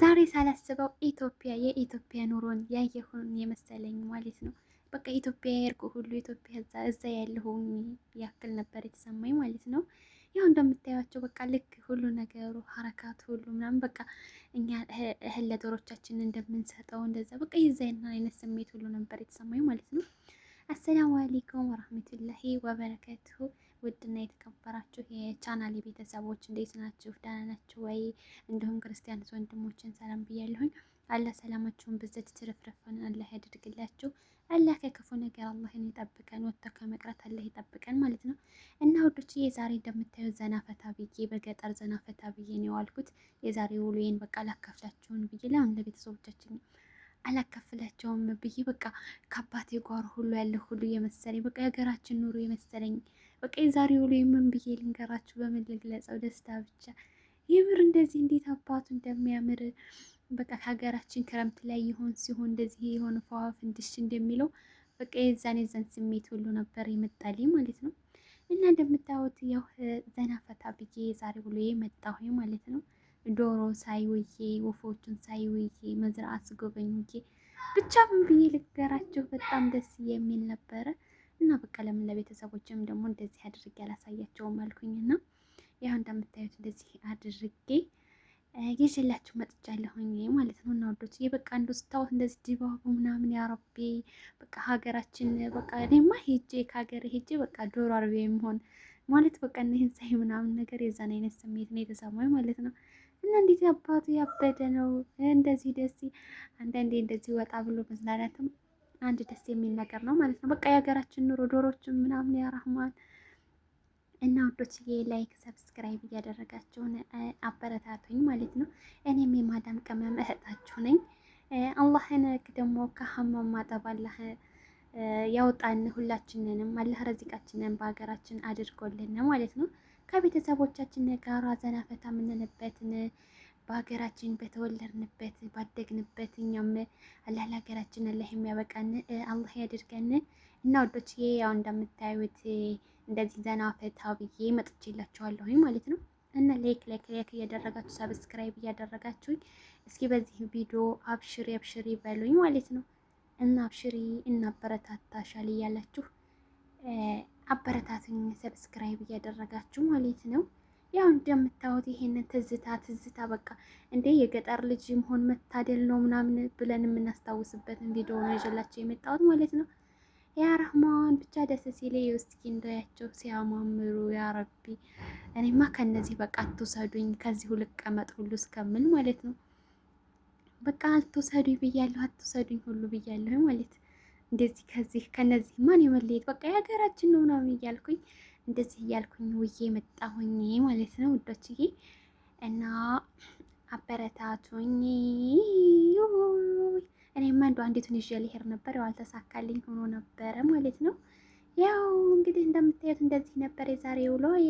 ዛሬ ሳላስበው ኢትዮጵያ የኢትዮጵያ ኑሮን ያየሁን የመሰለኝ ማለት ነው። በቃ ኢትዮጵያ የሄድኩ ሁሉ ኢትዮጵያ እዛ ያለሁን ያክል ነበር የተሰማኝ ማለት ነው። ያው እንደምታያቸው በቃ ልክ ሁሉ ነገሩ ሀረካት ሁሉ ምናምን በቃ እኛ እህል ለዶሮቻችን እንደምንሰጠው እንደዛ በቃ የዛ አይነት ስሜት ሁሉ ነበር የተሰማኝ ማለት ነው። አሰላሙ አለይኩም ወራህመቱላሂ ወበረከቱሁ። ውድና የተከበራችሁ የቻናል ቤተሰቦች እንዴት ናችሁ? ደህና ናችሁ ወይ? እንዲሁም ክርስቲያን ወንድሞችን ሰላም ብያለሁኝ። አላህ ሰላማችሁን ብዘት ትርፍርፍን አላህ ያደርግላችሁ። አላህ ከክፉ ነገር አላህን ይጠብቀን፣ ወጥቶ ከመቅረት አላህ ይጠብቀን ማለት ነው። እና ውዶች የዛሬ እንደምታዩት ዘና ፈታ ብዬ በገጠር ዘና ፈታ ብዬ ነው የዋልኩት። የዛሬ ውሎዬን በቃ ላካፍላችሁን ብዬ ለአሁን ለቤተሰቦቻችን አላካፍላቸውም ብዬ በቃ ከአባቴ ጓሮ ሁሉ ያለ ሁሉ የመሰለኝ በቃ የሀገራችን ኑሮ የመሰለኝ በቃ የዛሬ ውሎ የምን ብዬ ልንገራችሁ፣ በምን ልግለጸው? ደስታ ብቻ የምር እንደዚህ እንዴት አባቱ እንደሚያምር በቃ ከሀገራችን ክረምት ላይ ይሆን ሲሆን እንደዚህ የሆነ ፈዋ እንድሽ እንደሚለው በቃ የዛን የዛን ስሜት ሁሉ ነበር የመጣልኝ ማለት ነው። እና እንደምታዩት ያው ዘና ፈታ ብዬ የዛሬ ውሎ መጣሁ ማለት ነው። ዶሮ ሳይውዬ ወፎቹን መዝራት መዝራዕት ስጎበኙዬ ብቻ ምን ብዬ ልገራችሁ፣ በጣም ደስ የሚል ነበረ እና በቃ ለምን ለቤተሰቦችም ደግሞ እንደዚህ አድርጌ አላሳያቸውም አልኩኝና ያው እንደምታዩት እንደዚህ አድርጌ ይዤላችሁ መጥቻለሁኝ ማለት ነው። እና ወዶች በቃ እንዶ ስታወት እንደዚህ ድባቡ ምናምን ያረቤ በቃ ሀገራችን በቃ እኔማ ሄጄ ከሀገር ሄጄ በቃ ዶሮ አርቢ የሚሆን ማለት በቃ እነህን ሳይ ምናምን ነገር የዛን አይነት ስሜት ነው የተሰማኝ ማለት ነው። እና እንዴት አባቱ ያበደ ነው እንደዚህ ደስ አንዳንዴ እንደዚህ ወጣ ብሎ መዝናናትም አንድ ደስ የሚል ነገር ነው ማለት ነው። በቃ የሀገራችን ኑሮ ዶሮችን ምናምን ያራህማል እና ውዶችዬ ላይክ ሰብስክራይብ እያደረጋቸው አበረታቱኝ ማለት ነው። እኔም የማዳም ቅመም እህጣችሁ ነኝ። አላህን ደግሞ ከሀመማ ጠባላህ ያወጣን ሁላችንንም አላህ ረዚቃችንን በሀገራችን አድርጎልን ማለት ነው። ከቤተሰቦቻችን ጋር ዘና ፈታ የምንልበትን በሀገራችን በተወለድንበት ባደግንበት እኛም አላህ ለሀገራችን አላህ የሚያበቃን አላህ ያድርገን እና ወዶች ይ ያው እንደምታዩት እንደዚህ ዘና ፈታ ብዬ መጥቼላችኋለሁኝ ማለት ነው። እና ላይክ ላይክ ላይክ እያደረጋችሁ ሰብስክራይብ እያደረጋችሁኝ እስኪ በዚህ ቪዲዮ አብሽሪ አብሽሪ በሉኝ ማለት ነው። እና አብሽሪ እናበረታታሻል እያላችሁ አበረታትኝ ሰብስክራይብ እያደረጋችሁ ማለት ነው። ያው እንደምታዩት ይሄንን ትዝታ ትዝታ በቃ እንዴ የገጠር ልጅ መሆን መታደል ነው ምናምን ብለን የምናስታውስበትን ቪዲዮ ነው ይዤላቸው የመጣሁት ማለት ነው። ያ ረህማን ብቻ ደስ ሲለ የውስኪ እንዳያቸው ሲያማምሩ፣ ያ ረቢ እኔማ ከነዚህ በቃ አትውሰዱኝ ከዚሁ ልቀመጥ ሁሉ እስከምን ማለት ነው። በቃ አትወሰዱኝ ብያለሁ፣ አትወሰዱኝ ሁሉ ብያለሁ ማለት እንደዚህ ከዚህ ከነዚህ ማን የመለየት በቃ የሀገራችን ነው ምናምን እያልኩኝ እንደዚህ እያልኩኝ ውዬ መጣሁኝ ማለት ነው ውዶችዬ እና አበረታቱኝ። እኔም አንዱ አንዲቱን ይዤ ልሄድ ነበር፣ ያው አልተሳካልኝ ሆኖ ነበረ ማለት ነው። ያው እንግዲህ እንደምታዩት እንደዚህ ነበር የዛሬ ውሎዬ።